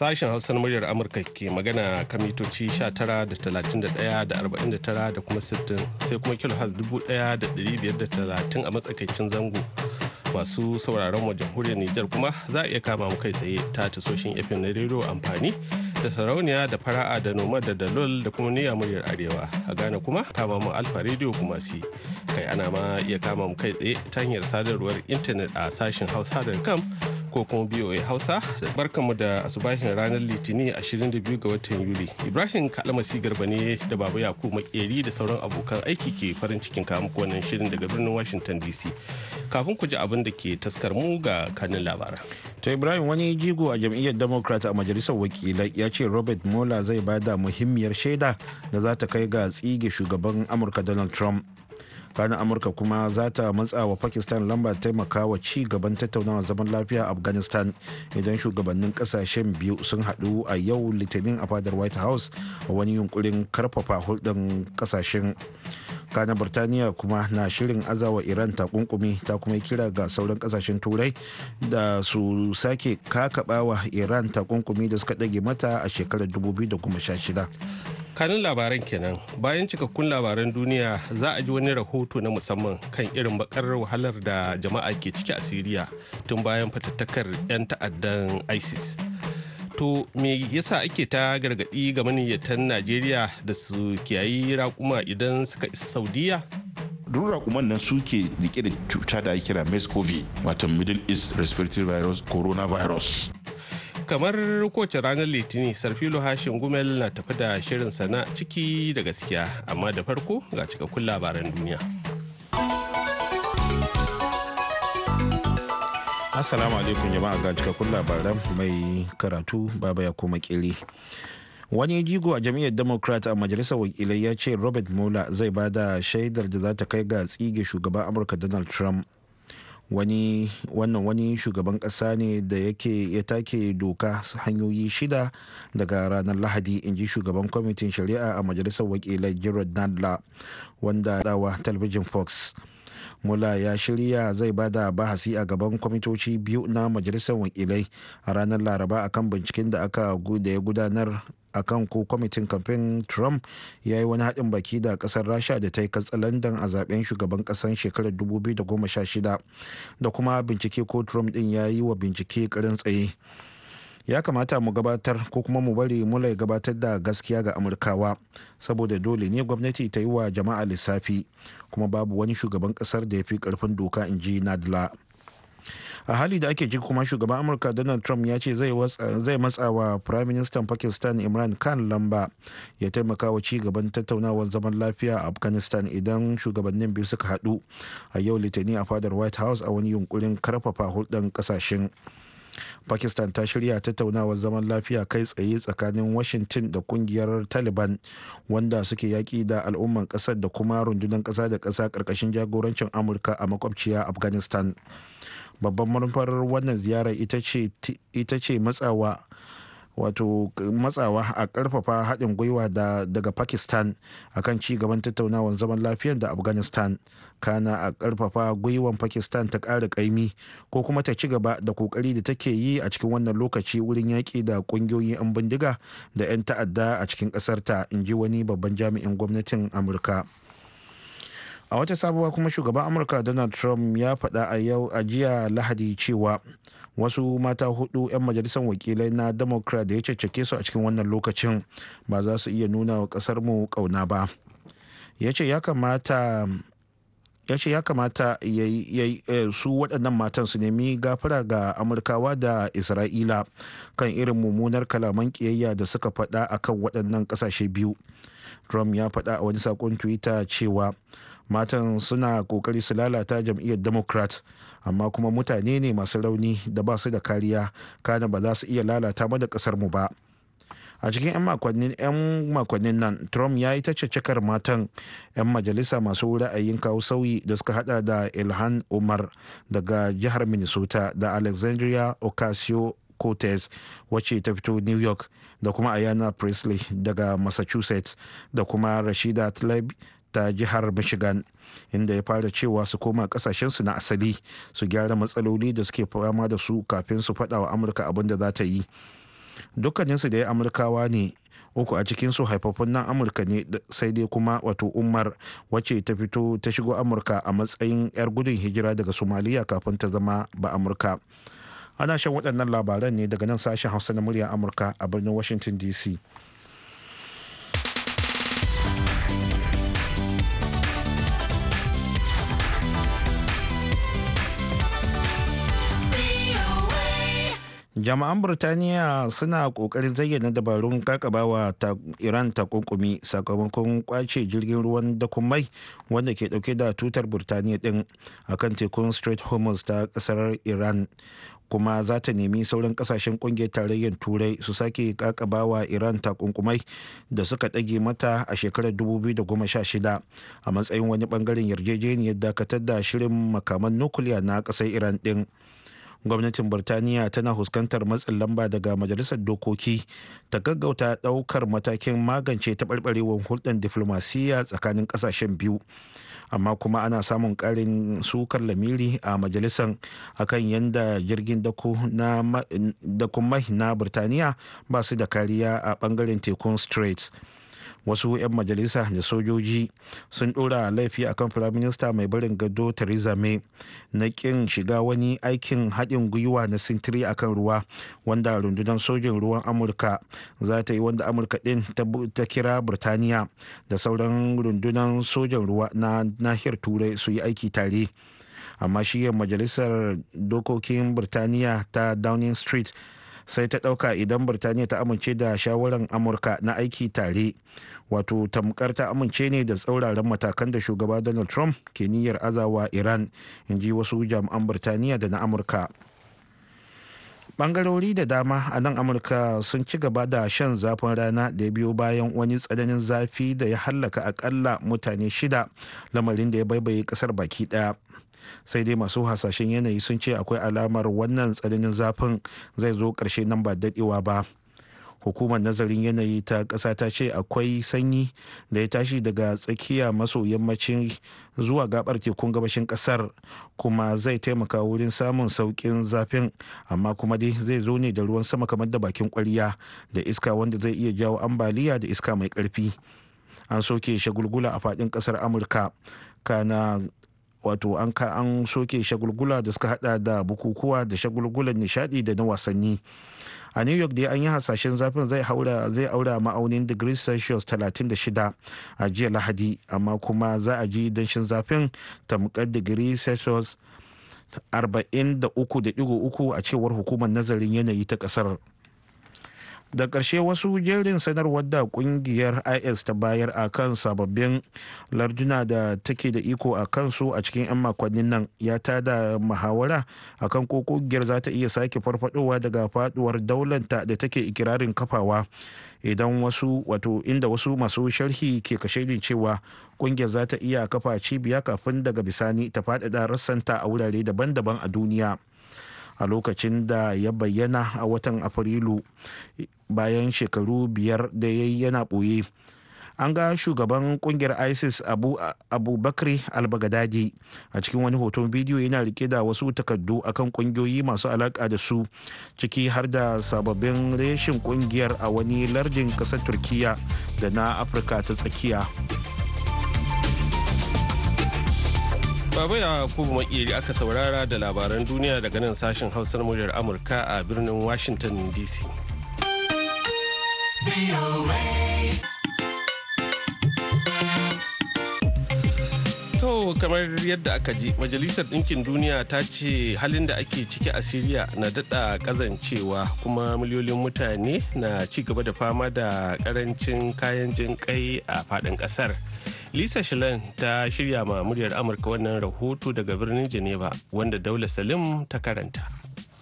Sashen Hausa na muryar Amurka ke magana kan mitoci 19.31.49 da kuma 60 sai kuma kilohaz 1530 a matsakaicin zango. Masu sauraron wa jamhuriyar Nijar kuma za a iya kama mu kai tsaye ta tasoshin FM na rediyo amfani da sarauniya da fara'a da noma da dalol da kuma niyya muryar arewa a gane kuma kama mu alfa rediyo kuma si kai ana ma iya kama mu kai tsaye ta hanyar sadarwar intanet a sashen hausa.com ko kuma BOA Hausa da barkamu da asubahin ranar Litinin 22 ga watan Yuli. Ibrahim kalamasi Garba ne da Baba yaku Makeri da sauran abokan aiki ke farin cikin kawo wannan shirin daga birnin Washington DC. Kafin ku ji abin da ke taskar mu ga kanin labaran. To Ibrahim wani jigo a jam'iyyar Democrat a majalisar wakilai ya ce Robert Mueller zai bada muhimmiyar shaida da za ta kai ga tsige shugaban Amurka Donald Trump. ranar amurka kuma za ta matsa wa pakistan lamba taimaka wa ci gaban tattaunawa zaman lafiya afghanistan idan shugabannin kasashen biyu sun haɗu a yau litinin a fadar white house a wani yunkurin karfafa hulɗin kasashen kana burtaniya kuma na shirin azawa iran ta kunkumi ta kuma kira ga sauran kasashen turai da su sake kakabawa iran ta kunkumi da suka ɗage mata a shekarar 2016 kanun labaran kenan bayan cikakkun labaran duniya za a ji wani rahoto na musamman kan irin bakar wahalar da jama'a ke ciki a siriya tun bayan fatattakar 'yan ta'addan isis To me yasa ake ta gargaɗi ga maniyyatan Najeriya da su kiyayi raƙuma idan suka isa Saudiya? duk rakuman nan suke rike da cuta da ake kira mescov wato Middle East Respiratory Virus coronavirus. Kamar kowace ranar Litinin, Sarfilo Hashin Gumel na tafi da shirin sana ciki da gaskiya, amma da farko ga cikakkun labaran duniya. Assalamu alaikum jama'a ga cikakkun labaran mai karatu baba ya koma kili. Wani jigo a jam'iyyar Democrat a majalisar wakilai ya ce Robert Mueller zai ba da shaidar da za ta kai ga tsige shugaban Amurka Donald Trump. Wani wannan wani shugaban ƙasa ne da yake ya take doka hanyoyi shida daga ranar Lahadi in ji shugaban kwamitin shari'a a majalisar wakilai Gerard Nadler wanda dawa talabijin Fox. mula ya shirya zai ba da bahasi a gaban kwamitoci biyu na majalisar wakilai a ranar laraba akan binciken da aka da ya gudanar akan ko kwamitin kamfen trump ya yi wani haɗin baki da ƙasar rasha da ta yi katsalandan a zaben shugaban ƙasar shekarar 2016 da kuma bincike ko trump ɗin ya yi wa bincike karin tsaye ya kamata mu gabatar ko kuma mu bari mulai gabatar da gaskiya ga amurkawa saboda dole ne gwamnati ta yi wa jama'a lissafi kuma babu wani shugaban kasar da ya fi karfin doka in ji nadla a hali da ake ji kuma shugaban amurka donald trump ya ce zai matsa wa prime minister pakistan imran khan lamba ya taimaka wa ci gaban tattaunawar zaman lafiya a afghanistan idan shugabannin biyu suka hadu a yau litani a fadar white house a wani yunkurin karfafa hulɗar ƙasashen. kasashen pakistan ta shirya tattaunawar zaman lafiya kai tsaye tsakanin washington da kungiyar taliban wanda suke yaƙi da al'umman ƙasar da kuma rundunar ƙasa da ƙasa ƙarƙashin jagorancin amurka a makwabciya afghanistan babban manufar wannan ziyarar ita ce matsawa wato matsawa a karfafa haɗin gwiwa daga pakistan akan ci gaban tattaunawar zaman lafiyar da afghanistan kana a karfafa gwiwan pakistan ta ƙara ƙaimi ko kuma ta ci gaba da kokari da take yi a cikin wannan lokaci wurin yaƙi da ƙungiyoyin 'yan bindiga da 'yan ta'adda a cikin ƙasarta in ji wani babban jami'in gwamnatin amurka. a wata sabuwa kuma shugaban amurka donald trump ya faɗa a yau a jiya lahadi cewa wasu mata hudu 'yan majalisar wakilai na democrat da ya caccake su a cikin wannan lokacin ba za su iya nuna wa kasar mu kauna ba ya ce ya kamata ya yi eh, su waɗannan matan su nemi gafara ga amurkawa da isra'ila kan irin mummunar kalaman kiyayya da suka faɗa a kan waɗannan ƙasashe biyu trump ya faɗa a wani saƙon twitter cewa matan suna kokari su lalata jam'iyyar democrat amma kuma mutane ne masu rauni da ba su da kariya kana ba za su iya lalata mu da kasar mu ba a cikin 'yan makonnin nan trump ya yi ta matan 'yan majalisa masu ra'ayin kawo sauyi da suka hada da ilhan umar daga jihar minnesota da alexandria ocasio cortez wacce ta fito new york da kuma ayana presley daga massachusetts da kuma rashida tlaib ta jihar michigan inda ya fara cewa su koma kasashensu na asali su gyara matsaloli da suke fama da su kafin su faɗa wa amurka abin da za ta yi dukkaninsu da ya amurkawa ne uku a cikinsu haifafun nan amurka ne sai dai kuma wato umar wacce ta fito ta shigo amurka a matsayin 'yar gudun hijira daga somaliya kafin ta zama ba amurka ana shan waɗannan labaran ne daga nan sashen hausa na murya amurka a birnin washington dc jama'an burtaniya suna kokarin zayyana dabarun kakabawa ta iran ta kunkumi sakamakon kwace jirgin ruwan dakon mai wanda ke dauke da tutar burtaniya din kan tekun strait hormuz ta kasar iran kuma za ta nemi sauran kasashen kungiyar tarayyar turai su sake kakabawa iran takunkumai da suka dage mata a shekarar 2016 a matsayin wani bangaren yarjejeniyar dakatar da shirin makaman nukuliya na ƙasar iran din. gwamnatin birtaniya tana fuskantar matsin lamba daga majalisar dokoki ta gaggauta daukar matakin magance taɓarɓarewar hulɗar diflomasiyya tsakanin ƙasashen biyu amma kuma ana samun ƙarin sukar lamiri a majalisar akan yadda jirgin dakon mai na birtaniya ba su da kariya a ɓangaren tekun straits wasu 'yan majalisa da sojoji sun ɗora laifi akan firaminista mai barin gado theresa may na ƙin shiga wani aikin haɗin gwiwa na sintiri akan ruwa wanda rundunar sojin ruwan amurka za ta yi wanda amurka ɗin ta kira birtaniya da sauran rundunar sojan ruwa na nahiyar turai su yi aiki tare amma shi majalisar dokokin birtaniya ta downing street sai ta ɗauka idan birtaniya ta amince da shawarar amurka na aiki tare wato tamkar ta amince ne da tsauraran matakan da shugaba donald trump ke niyyar azawa iran in ji wasu jami'an birtaniya da na amurka bangarori da dama a nan amurka sun ci gaba da shan zafin rana da ya biyo bayan wani tsananin zafi da ya hallaka akalla mutane shida lamarin da ya baibaye kasar baki daya sai dai masu hasashen yanayi sun ce akwai alamar wannan tsananin zafin zai zo ƙarshe nan ba dadewa ba hukumar nazarin yanayi ta ƙasa ta ce akwai sanyi da ya tashi daga tsakiya maso yammacin zuwa gabar tekun gabashin ƙasar kuma zai taimaka wurin samun sauƙin zafin amma kuma dai zai zo ne da ruwan sama kamar da bakin ƙwarya da iska wanda zai iya jawo ambaliya da iska mai ƙarfi an soke shagulgula a faɗin ƙasar amurka kana wato an ka an soke shagulgula da suka hada da bukukuwa da shagulgulan nishadi da na wasanni a new york dai an yi hasashen zafin zai haura zai aura ma'aunin talatin celsius 36 a jiya lahadi amma kuma za a ji danshin zafin tamkar degree celsius 43.3 a cewar hukumar nazarin yanayi ta kasar da ƙarshe wasu jerin sanarwar da ƙungiyar is ta bayar a kan sababbin larduna da take da iko a kansu a cikin 'yan makonnin nan ya ta da muhawara a kan ko ƙungiyar za ta iya sake farfadowa daga faduwar daularta da take ikirarin kafawa idan wasu wato inda wasu masu sharhi ke kashedin cewa ƙungiyar za ta iya kafa cibiya kafin daga bisani ta faɗaɗa rassanta a wurare daban-daban a duniya. a lokacin da ya bayyana a watan afrilu bayan shekaru biyar da ya yi yana ɓoye an ga shugaban kungiyar isis abubakar albagadadi a cikin wani hoton bidiyo yana rike da wasu takardu akan kungiyoyi masu alaka da su ciki har da sababbin reshin kungiyar a wani lardin kasar turkiya da na afirka ta tsakiya Baba ya kuma aka saurara da labaran duniya daga nan sashen hausar muryar Amurka a birnin Washington DC. To kamar yadda aka ji Majalisar Ɗinkin Duniya ta ce halin da ake ciki a Siriya na daɗa ƙazancewa kuma miliyoyin mutane na ci gaba da fama da ƙarancin kayan jin kai a faɗin ƙasar. Lisa shilin ta shirya ma muryar Amurka wannan rahoto daga birnin Geneva wanda Daula Salim ta karanta.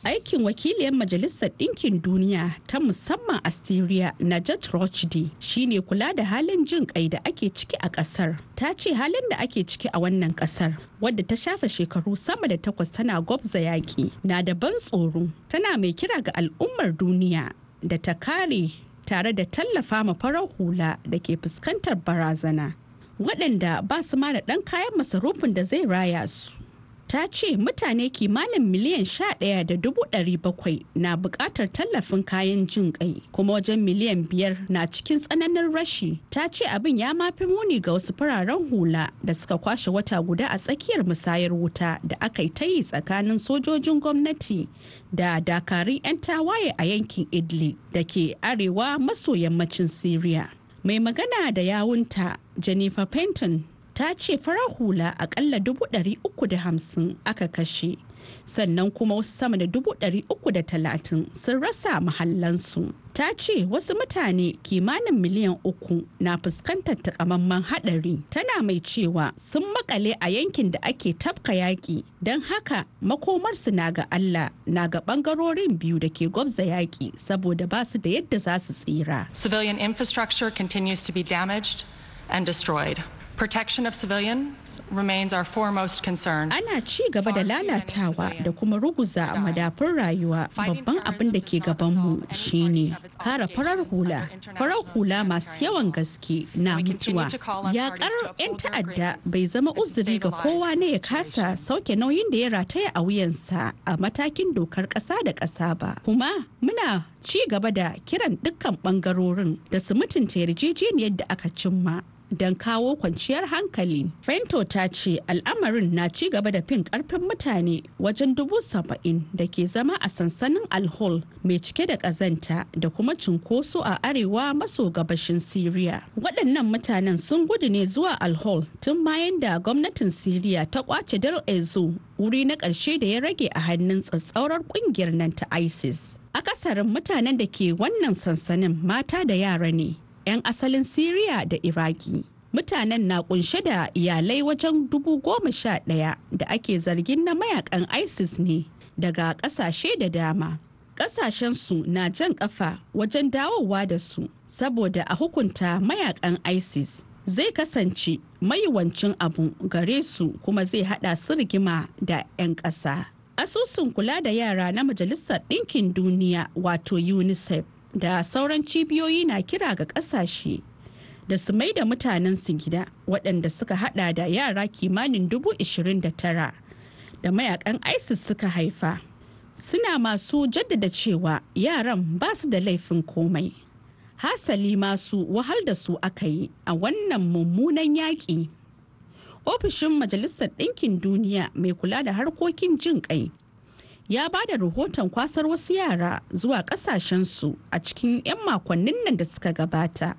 Aikin wakiliyar Majalisar Ɗinkin Duniya ta musamman a Syria, Najat Rochdi, shine kula da halin jin kai da ake ciki a ƙasar. Ta ce halin da ake ciki a wannan ƙasar, wadda ta shafe shekaru sama da takwas tana gwabza yaƙi, na da ban tsoro. Tana mai kira ga al'ummar duniya da ta kare tare da tallafa ma farar hula da ke fuskantar barazana. waɗanda ba su ma da ɗan kayan masarufin da zai raya su. ta ce mutane kimanin miliyan sha ɗaya da dubu ɗari bakwai na buƙatar tallafin kayan jin ƙai kuma wajen miliyan biyar na cikin tsananin rashi ta ce abin ya mafi muni ga wasu fararen hula da suka kwashe wata guda a tsakiyar musayar wuta da aka yi ta yi tsakanin sojojin gwamnati da dakarun 'yan tawaye a yankin idli da ke arewa maso yammacin syria mai magana da yawunta jennifer penton ta ce farar hula akalla 350 aka kashe sannan kuma wasu sama da dubu ɗari uku da talatin sun rasa mahallansu ta ce wasu mutane kimanin miliyan uku na fuskantar takamamman haɗari tana mai cewa sun makale a yankin da ake tabka yaƙi don haka makomarsu na ga allah na ga ɓangarorin biyu da ke gwabza yaƙi saboda ba su da yadda za su tsira civilian infrastructure continues to be damaged and destroyed protection of civilian remains Ana ci gaba da lalatawa da kuma ruguza madafun rayuwa babban abin da ke gabanmu shine kare farar hula. Farar hula masu yawan gaske na mutuwa. Yakar 'yan ta'adda bai zama uzuri ga kowa ne ya kasa sauke nauyin da ya rataya a wuyansa a matakin dokar ƙasa da ƙasa ba. Kuma muna ci gaba da kiran dukkan ɓangarorin da su mutunta yarjejeniyar da aka cimma. don kawo kwanciyar hankali. Fento ta ce al'amarin na ci gaba da fin karfin mutane wajen dubu saba'in da ke zama a sansanin alhol mai cike da kazanta da kuma cinkoso a arewa maso gabashin Siriya. Waɗannan mutanen sun gudu ne zuwa alhol tun bayan da gwamnatin Siriya ta kwace Dar Ezo wuri na ƙarshe da ya rage a hannun tsatsaurar ƙungiyar nan ta ISIS. Akasarin mutanen da ke wannan sansanin mata da yara ne. 'yan asalin Siriya da Iraki. Mutanen na kunshe da iyalai wajen dubu goma sha ɗaya da ake zargin na mayakan ISIS ne daga ƙasashe da dama. Ƙasashensu na jan ƙafa wajen dawowa da su saboda a hukunta mayakan ISIS. zai kasance mayuwancin abu gare su kuma zai hada su rigima da 'yan ƙasa. Asusun kula da yara na Majalisar Ɗinkin Duniya wato UNICEF da sauran cibiyoyi na kira ga kasashe da su mai da mutanen su gida waɗanda suka hada da yara kimanin dubu ishirin da tara da mayakan isis suka haifa suna masu jaddada cewa yaran ba su da laifin komai hasali masu wahal da su aka yi a wannan mummunan yaƙi ofishin majalisar ɗinkin duniya mai kula da harkokin jin ƙai ya ba da rahoton kwasar wasu yara zuwa kasashensu a cikin 'yan makonnin nan da suka gabata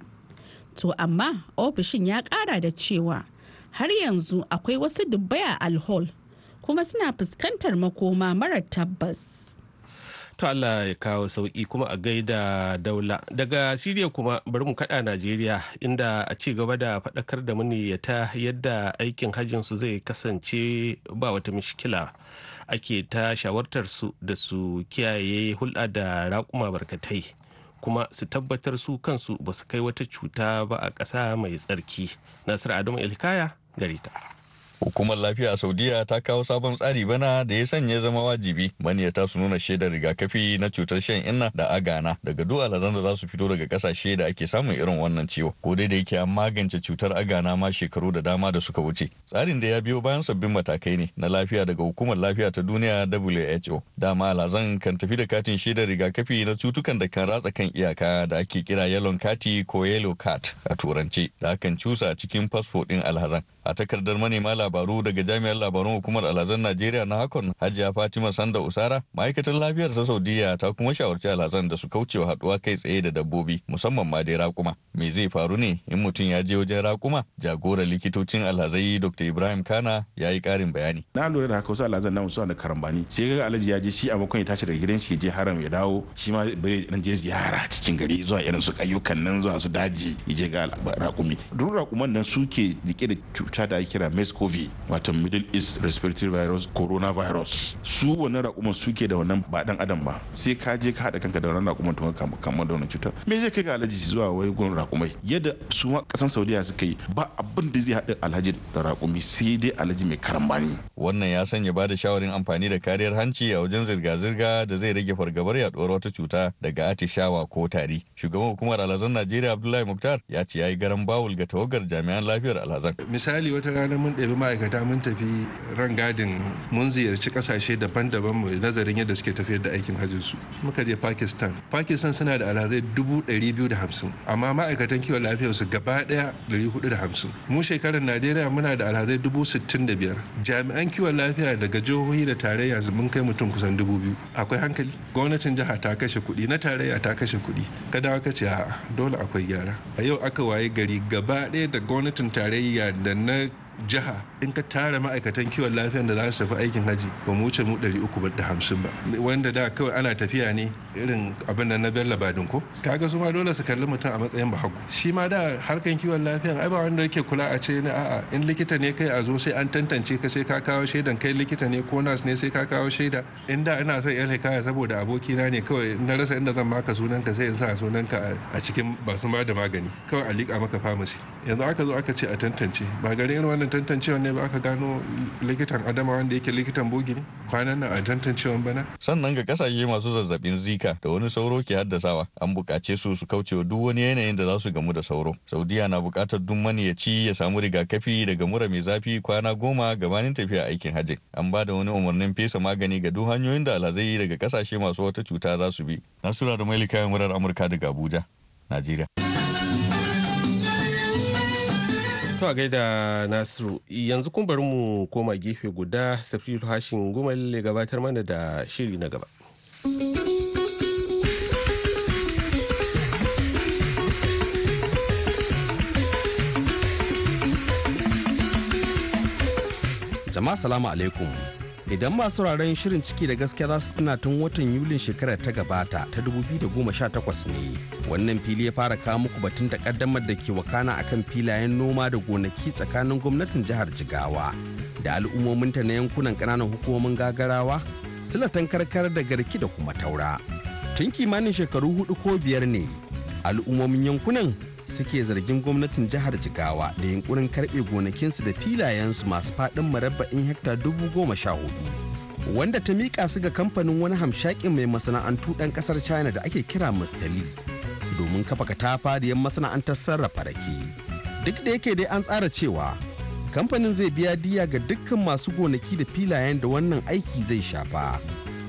to amma ofishin ya kara da cewa har yanzu akwai wasu dubbai a alhol kuma suna fuskantar makoma mara tabbas to Allah ya kawo sauki kuma a gaida daula daga siriya kuma bari mu kada najeriya inda a ci gaba da faɗakar da muni ta yadda aikin hajjinsu zai kasance ba wata mishkila ake ta shawartar su da su kiyaye hulɗa da raƙuma barkatai kuma su tabbatar su kansu ba su kai wata cuta ba a ƙasa mai tsarki nasir adamu ilkaya gari ka Hukumar lafiya a Saudiya ta kawo sabon tsari bana da ya sanya zama wajibi ta su nuna shaidar rigakafi na cutar shan inna da agana daga duk alazan da za su fito daga kasashe da ake samun irin wannan ciwo. Ko dai da yake an magance cutar agana ma shekaru da dama da suka wuce. Tsarin da ya biyo bayan sabbin matakai ne na lafiya daga hukumar lafiya ta duniya WHO. Dama alazan kan tafi da katin shaidar rigakafi na cutukan da kan ratsa kan iyaka da ake kira yellow kati ko yellow cat a turance da akan cusa cikin fasfo din alhazan. A takardar manema labaru daga jami'ar labarun hukumar alhazan Najeriya na hakon Hajiya Fatima Sanda Usara ma'aikatar lafiyar ta Saudiya ta kuma shawarci alhazan da su kaucewa haduwa kai tsaye da dabbobi musamman ma dai raƙuma. Me zai faru ne in mutum ya je wajen raƙuma? jagoran likitocin alhazai Dr. Ibrahim Kana ya yi ƙarin bayani. Na lura da haka wasu alhazan namu suna da karambani sai ga alhaji ya je shi abokan ya tashi daga gidan shi ya je haram ya dawo shi ma bai dan je ziyara cikin gari zuwa irin su ayyukan nan zuwa su daji ya je ga raƙumi. Duk raƙuman nan suke rike da cuta da ake kira mers wato middle east respiratory virus coronavirus su wannan rakuman suke da wannan ba dan adam ba sai ka je ka hada kanka da wannan rakuman to ka kama da wannan cutar me zai kai ga alhaji zuwa wai gurin raƙumai yadda su ma kasan saudiya suka yi ba abin da zai hada alhaji da rakumi sai dai alhaji mai karambani wannan ya sanya ba da shawarin amfani da kariyar hanci a wajen zirga-zirga da zai rage fargabar yaduwar wata cuta daga atishawa ko tari shugaban hukumar alhazan najeriya abdullahi muktar ya ce ya yi garan bawul ga tawagar jami'an lafiyar alhazan misali wata rana mun ɗabi ma'aikata mun tafi rangadin mun ziyarci kasashe daban-daban mu nazarin yadda suke tafiyar da aikin hajjin su muka je pakistan pakistan suna da alhazai dubu dari biyu da hamsin amma ma'aikatan kiwon lafiyar su gaba daya dari hudu da hamsin mu shekarar najeriya muna da alhazai dubu sittin da biyar jami'an kiwon lafiya daga jihohi da tarayya mun kai mutum kusan dubu biyu akwai hankali gwamnatin jiha ta kashe kuɗi na tarayya ta kashe kuɗi kada aka ce dole akwai gyara a yau aka waye gari gaba daya da gwamnatin tarayya da na jiha in ka tara ma'aikatan kiwon lafiyan da za su tafi aikin haji ba mu wuce mu 350 ba wanda da kawai ana tafiya ne irin abin da na bello badin ko kaga su ma dole su kalli mutum a matsayin bahagu shi ma da harkan kiwon lafiyan ai ba wanda yake kula a ce ni a'a in likita ne kai a zo sai an tantance ka sai ka kawo shaidan kai likita ne ko nas ne sai ka kawo shaida in da ina son yar hikaya saboda abokina ne kawai na rasa inda zan maka sunan ka sai in sa sunan ka a cikin basu ba da magani kawai a liƙa maka famasi yanzu aka zo aka ce a tantance ba garin wannan tantancewa ne ba aka gano likitan adama wanda yake likitan bogi ne kwanan nan a tantancewan bana sannan ga kasashe masu zazzabin zika da wani sauro ke haddasawa an buƙace su su kaucewa duk wani yanayin da za su gamu da sauro saudiya na bukatar duk mani ya samu rigakafi daga mura mai zafi kwana goma gabanin tafiya aikin hajji an ba da wani umarnin fesa magani ga duk hanyoyin da alhazai daga kasashe masu wata cuta za su bi nasura da mailika murar amurka daga abuja najeriya To a gaida Nasiru, yanzu kun bari mu koma gefe guda Safiru Hashin Gumal ya gabatar mana da shiri na gaba. Jama'a salamu alaikum. idan masu sauraron shirin ciki da gaskiya za su tuna tun watan yulin shekarar ta gabata ta 2018 ne wannan fili ya fara kawo muku batun takaddamar da ke wakana akan filayen noma da gonaki tsakanin gwamnatin jihar jigawa da al'ummominta na yankunan ƙananan hukumomin gagarawa silatan karkar da garki da kuma taura tun kimanin shekaru hudu ko biyar ne al'ummomin yankunan suke zargin gwamnatin jihar jigawa da yunkurin karɓe gonakinsu da filayensu masu faɗin marabba'in hekta dubu goma sha hudu wanda ta mika su ga kamfanin wani hamshakin mai masana'antu ɗan ƙasar china da ake kira mustali domin kafa 'yan masana'antar sarrafa rake duk da yake dai an tsara cewa kamfanin zai biya diya ga dukkan masu gonaki da filayen da wannan aiki zai shafa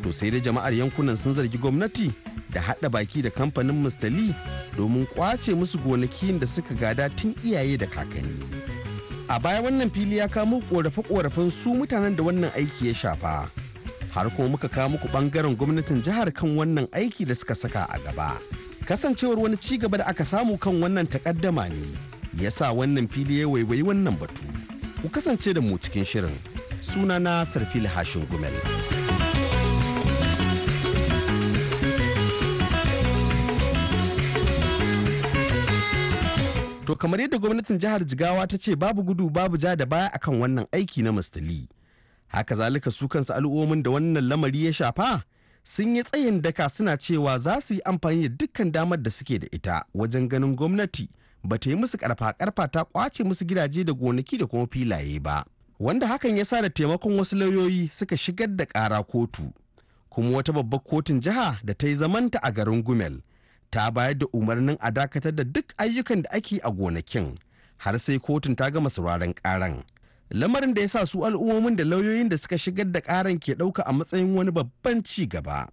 to sai da jama'ar yankunan sun zargi gwamnati da haɗa baki da kamfanin Mr. Lee domin kwace musu gonakin da suka gada tun iyaye da kakanni. A baya wannan fili ya kamo korafe-korafen su mutanen da wannan aiki ya shafa. Har ko muka kawo muku ɓangaren gwamnatin jihar kan wannan aiki da suka saka a gaba. Kasancewar wani ci gaba da aka samu kan wannan takaddama ne, ya sa wannan fili ya waiwayi wannan batu. Ku kasance da mu cikin shirin. Sunana Sarfil Hashin Gumel. to kamar yadda gwamnatin jihar jigawa ta ce babu gudu babu ja da baya akan wannan aiki na mastali haka zalika su kansu al'ummomin da wannan lamari ya shafa sun yi tsayin daka suna cewa za su yi amfani da dukkan damar da suke da ita wajen ganin gwamnati ba ta yi musu karfa karfa ta kwace musu gidaje da gonaki da kuma filaye ba wanda hakan ya sa da taimakon wasu lauyoyi suka shigar da kara kotu kuma wata babbar kotun jiha da ta yi zamanta a garin gumel ta bayar da umarnin a dakatar da duk ayyukan da ake a gonakin har sai kotun ta gama sauraron karan lamarin da ya sa su al'ummomin da lauyoyin da suka shigar da karan ke dauka a matsayin wani babban ci gaba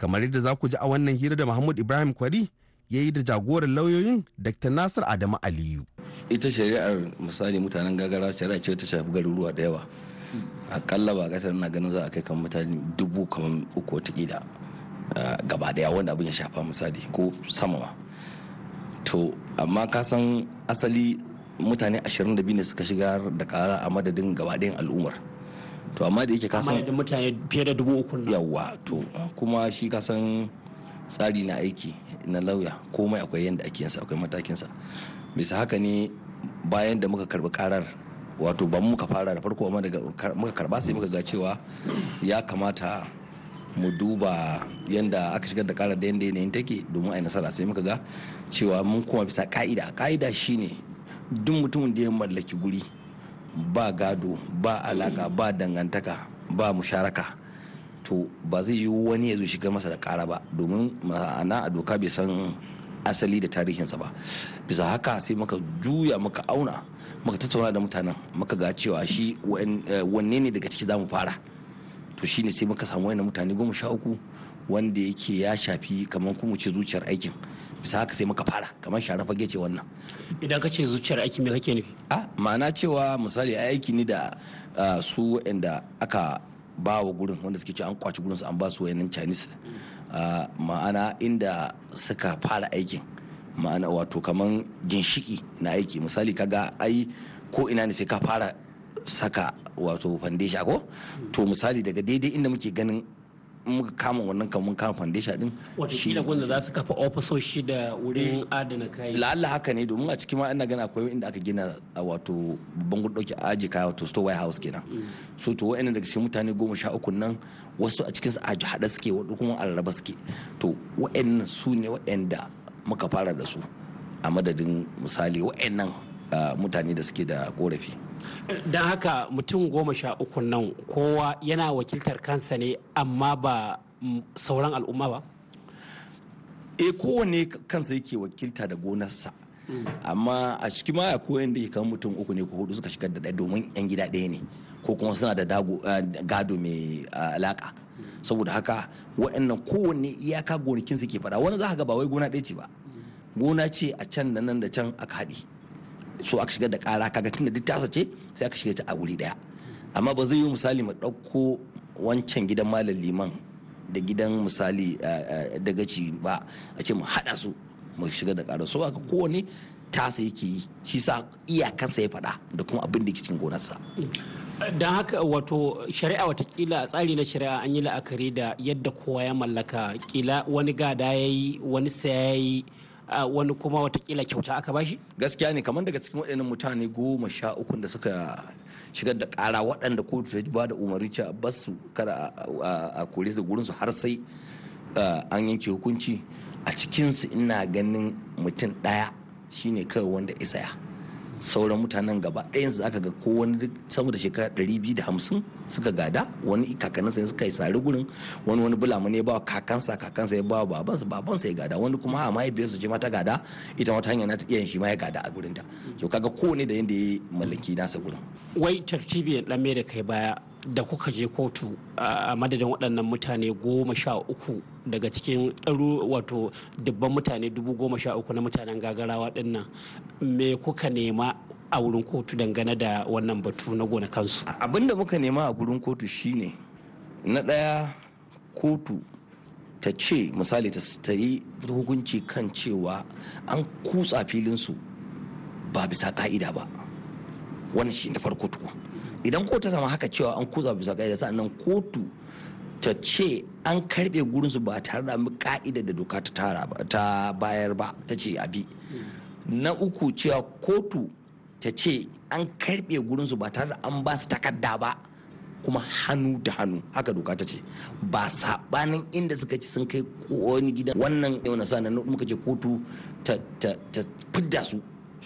kamar yadda za ku ji a wannan hira da muhammad ibrahim kwari ya yi da jagoran lauyoyin dr nasir adamu aliyu ita shari'ar misali mutanen gagara shari'a ce ta shafi garuruwa da yawa akalla ba gasar na ganin za a kai kan mutane dubu kamar uku kida. gaba daya wanda abin ya shafa misali ko samawa to amma ka san asali mutane 22 ne suka shigar da kara a madadin gaba al'ummar to amma da yake kasan mutane fiye da dubu uku yawa to kuma shi kasan tsari na aiki na lauya komai akwai yadda ake yinsa akwai matakinsa bisa haka ne bayan da muka karbi karar wato ba muka fara da farko amma daga muka karba sai muka ga cewa ya kamata mu duba yadda aka shigar da kara da yadda yanayin take domin a yi nasara sai muka ga cewa mun kuma bisa ka'ida ka'ida shine duk mutumin da ya mallaki guri ba gado ba alaka ba dangantaka ba musharaka to ba zai yi wani ya zo shigar masa da kara ba domin ma'ana a doka bai san asali da tarihinsa ba bisa haka sai muka juya muka auna muka tattauna da mutanen muka ga cewa shi eh, wanne ne daga ciki za mu fara to shine sai muka samu wani mutane goma sha uku wanda yake ya shafi kamar kuma ce zuciyar aikin bisa haka sai muka fara kamar shara fage ce wannan idan ka ce zuciyar aikin me kake nufi a ma'ana cewa misali aiki ne da su inda aka ba wa gurin wanda suke ce an kwaci gurin su an ba su wayannan chinese ma'ana inda suka fara aikin ma'ana wato kamar ginshiki na aiki misali kaga ai ko ina ne sai ka fara saka wato foundation ko to misali daga daidai inda muke ganin muka kama wannan kan mun kama foundation din shi ne wanda za su kafa ofisoshi da wurin eh. adana kayi la'alla haka ne domin a cikin ma ina gani akwai inda aka gina wato babban gudauki aji kaya wato store warehouse kenan mm. so to wa'ina daga cikin mutane goma sha uku nan wasu a cikin su aji hada suke wadda kuma a rarraba suke to wa'annan su ne wa'anda muka fara da su a madadin misali wa'annan ah, mutane da suke da korafi don haka mutum goma sha uku nan kowa yana wakiltar kansa ne amma ba sauran al'umma ba e eh, kowane kansa yake wakilta da gonarsa amma a ciki ma koyan da ke kan mutum uku ne ko hudu suka shigar da ɗaya domin yan gida ɗaya ne ko kuma suna da eh, gado mai eh, alaka saboda haka waɗannan kowanne iyaka gonakinsa ke fada wani za ka ga ba wai gona ɗaya ce ba gona ce a can da nan da can aka haɗe so aka shigar da kara kaga da duk tasa ce sai aka shigar ta a wuri daya amma ba zai yi misali mu ɗauko wancan gidan malam liman da gidan misali eh, eh, da gaci ba a ce mu haɗa su mu shigar da kara so aka kowane tasa yake yi shi sa iyakansa ya faɗa da kuma abin da ke cikin gonarsa don haka wato shari'a watakila a tsari na shari'a an yi la'akari da yadda kowa ya mallaka kila wani gada ya yi wani saya ya wani kuma watakila kyauta aka bashi gaskiya ne kamar daga cikin waɗannan mutane goma sha uku da suka shigar da ƙara waɗanda kotu ta ba da umarni cewa su kada a kore su gurinsu har sai an yanke hukunci a cikinsu ina ganin mutum ɗaya shine kawai wanda ya. sauran mutanen gaba ɗayan su aka ga ko wani duk da shekara ɗari biyu da hamsin suka gada wani kakanninsa ne suka yi sari gurin wani wani bulama ne ba kakansa kakansa ya ba babansa babansa ya gada wani kuma a mahaifiyarsa ce ma ta gada ita wata hanya na ta iyayen shi ma ya gada a gurinta to kaga kowane da yanda ya mallaki nasa gurin wai tartibi ya dan da kai baya da kuka je kotu a madadin waɗannan mutane goma sha uku daga cikin ɗaru wato dubban mutane dubu goma sha uku na mutanen gagarawa dinnan me kuka nema a wurin kotu dangane da wannan batu na gonakansu abin da muka nema a wurin kotu shine na ɗaya kotu ta ce misali ta yi hukunci kan cewa an kutsa filinsu ba bisa ka'ida ba wannan shi na farko tuku idan kotu ta zama haka cewa an kutsa bisa ka'ida sannan kotu ta ce an karbe gurinsu ba tare da ka'ida da doka ta tara ta bayar ba ta ce abi na uku cewa kotu ta ce an karbe gurinsu ba tare da an ba su takarda ba kuma hannu da hannu haka doka ta ce ba sabanin inda suka ci sun kai wani gidan wannan yau na sa na muka ce kotu ta fidda su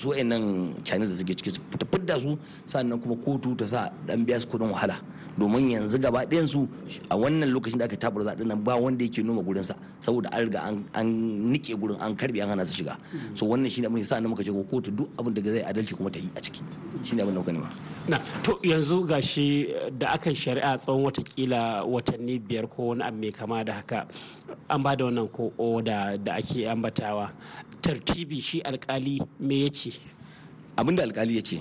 su nan chinese da suke ciki su ta fidda su sannan kuma kotu ta sa dan biya su kudin wahala domin yanzu gaba ɗayan su a wannan lokacin da aka tabar zaɗin nan ba wanda yake noma gurin sa saboda an riga an nike gurin an karbe an hana su shiga so wannan shine abin da sa'an muka ce ko kotu duk abin da zai adalci kuma ta yi a ciki shine abin da muka nema na to yanzu gashi da akan shari'a tsawon watakila watanni biyar ko wani abu mai kama da haka an ba da wannan ko oda da ake ambatawa tartibi shi alkali me ya ce abin da alkali ya ce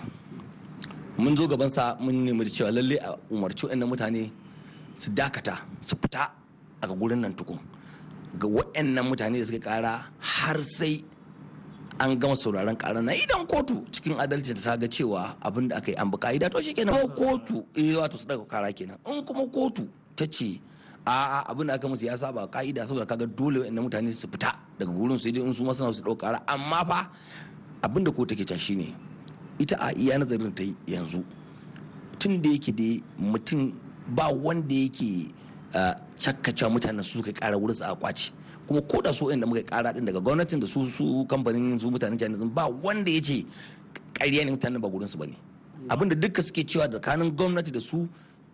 mun zo gabansa mun nemi da cewa lalle a umarci waɗannan mutane su dakata su fita a gurin nan tukun ga waɗannan mutane da suka kara har sai an gama sauraron karar na idan kotu cikin adalci ta ga cewa abin da aka yi an bi ka'ida to kenan ko kotu eh wato su daga kara kenan in kuma kotu ta ce a'a abin da aka musu ya saba ka'ida saboda kaga dole waɗannan mutane su fita daga gurin sai dai in su ma su ɗau ƙara amma fa abin da ko take ta ne ita a iya nazarin ta yanzu tun da yake da mutum ba wanda yake cakkaca mutanen su suka ƙara wurin su a kwaci kuma ko da su inda muka kara din daga gwamnatin da su su kamfanin su mutanen China ba wanda ya ce ƙarya ne mutanen ba gurin su bane abinda duka suke cewa da kanin gwamnati da su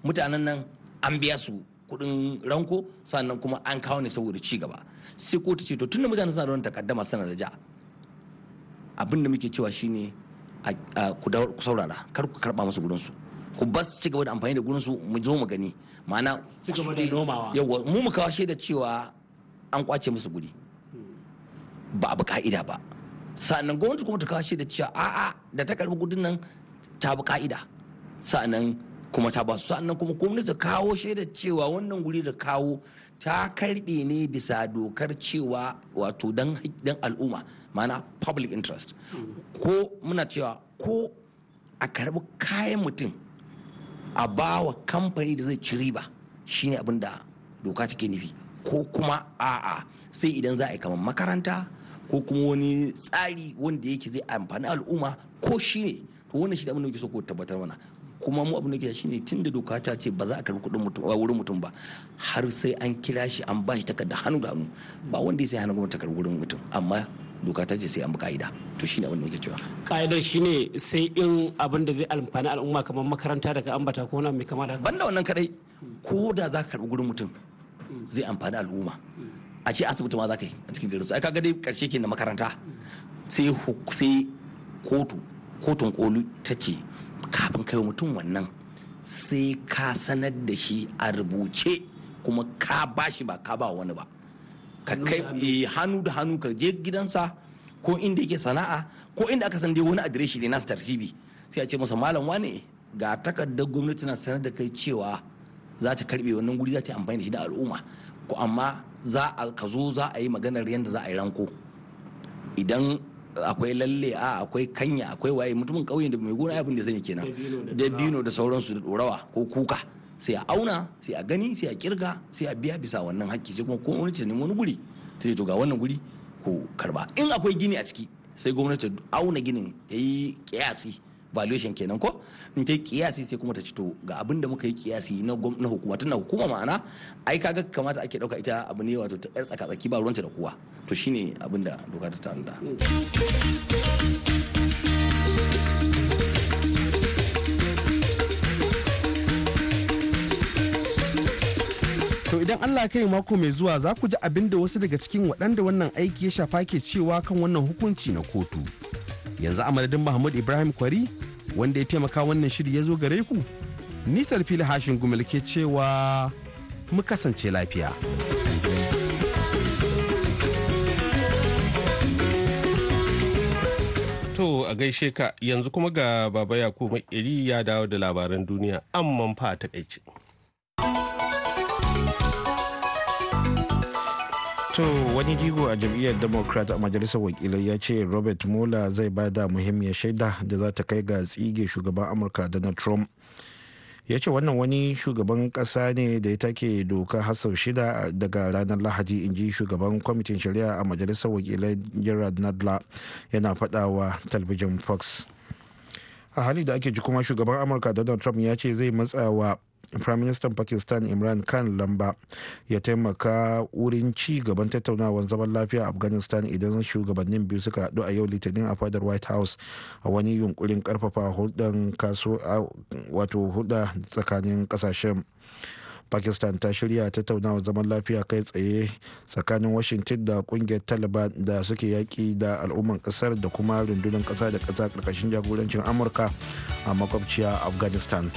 mutanen nan an biya su kudin ranko sannan kuma an kawo ne saboda ci gaba sai kotu ce to tunda mutane suna da wani takaddama sana da ja abin da muke cewa shine ku saurara kar ku karba musu gurinsu ku bas ci gaba da amfani da gurinsu mu zo mu gani ma'ana yawa mu mu kawo shaida cewa an kwace musu guri ba abu ka'ida ba sa'annan gwamnati kuma ta kawo shaida cewa a'a da ta karbi gudun nan ta bi ka'ida sa'annan kuma ta ba su sannan kuma gwamnati kawo shaidar cewa wannan guri da kawo ta karbe ne bisa dokar cewa wato dan al'umma mana public interest ko muna cewa ko a karbi kayan mutum a ba wa kamfani da zai ci riba shine abin da doka take nufi ko kuma a'a sai idan za a yi kamar makaranta ko kuma wani tsari wanda yake zai amfani al'umma ko shi wannan shi da abin da muke so ko tabbatar mana kuma mu abin da ke shine da doka ta ce ba za a karbi kuɗin mutum a wurin mutum ba har sai an kira shi an ba shi takarda hannu da hannu ba wanda sai hannu gwamnati takardar wurin mutum amma doka ta ce sai an bi ka'ida to shine abin da muke cewa ka'idar shine sai in abin da zai amfani al'umma kamar makaranta daga ambata ko mai kama da banda wannan kadai ko da za ka karbi gurin mutum zai amfani al'umma a ce asibiti ma za ka yi a cikin garin su ai kaga dai karshe ke na makaranta sai sai kotu kotun koli ta ce kafin kai mutum wannan sai ka sanar da shi a rubuce kuma ka ba shi ba ka ba wani ba ka kai eh, hannu da hannu ka je gidansa ko inda yake sana'a ko inda aka san dai wani adireshi ne nasu tarzibi sai a ce masa malam wane ga takardar gwamnati na sanar da kai cewa za ta karbe wannan guri za ta amfani da shi da al'umma ko amma za a ka zo za a yi maganar yadda za a yi ranko idan akwai lalle a akwai kanya akwai waye mutumin kauyen da mai gona abin da zai kenan da dabino da sauransu da dorawa ko kuka sai a auna sai a gani sai a kirga sai a biya bisa wannan hakki sai kuma ko ce ne wani guri ta to ga wannan guri ko karba in akwai gini a ciki sai gwamnati auna ginin ta yi kiyasi valuation kenan ko in ta yi kiyasi sai kuma ta ci to ga abin da muka yi kiyasi na na hukuma tana hukuma ma'ana ai kaga kamata ake dauka ita abu ne wato ta yar tsaka tsaki ba ruwanta da kowa to shine abin da doka ta tanda To idan Allah kai mako mai zuwa za ku ji abin da wasu daga cikin waɗanda wannan aiki ya shafa ke cewa kan wannan hukunci na kotu. yanzu amadadin mahmud ibrahim kwari wanda ya taimaka wannan shiri ya zo gare ku nisar fili hashin gumel cewa mu kasance lafiya to a gaishe ka yanzu kuma ga baba yakubu iri ya dawo da labaran duniya amman fa a takaice. to wani jigo a jam'iyyar democrat a majalisar wakilai ya ce robert mueller zai ba da muhimmiyar shaida da za ta kai ga tsige shugaban amurka donald trump ya ce wannan wani shugaban kasa ne da ya take doka hasau shida daga ranar lahadi in ji shugaban kwamitin shari'a a majalisar wakilai gerard nadler yana fadawa talbijin fox a hali da ake ji kuma shugaban amurka donald trump ya ce zai matsawa firaministan pakistan imran khan lamba ya taimaka wurin ci gaban tattaunawar zaman lafiya a afghanistan idan shugabannin biyu suka hadu a yau litinin a fadar white house a wani yunkurin karfafa hulɗar wato hulɗa tsakanin kasashen pakistan ta shirya tattaunawa zaman lafiya kai tsaye tsakanin washington da kungiyar taliban da suke yaƙi da al'umman ƙasar da kuma rundunar ƙasa da ƙasa ƙarƙashin jagorancin amurka a makwabciya afghanistan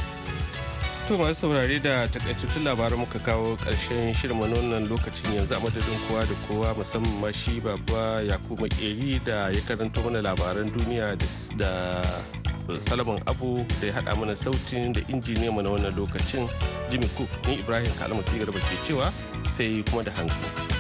To masu saurare da takaitattun labarai muka kawo ƙarshen shirin wannan lokacin yanzu a madadin kowa da kowa musamman ma shi baba yaku makeri da ya karanto mana labaran duniya da salaman abu da ya haɗa mana sautin da injiniya mana wannan lokacin jimmy cook ni ibrahim kalmasi garba ke cewa sai kuma da hantsi.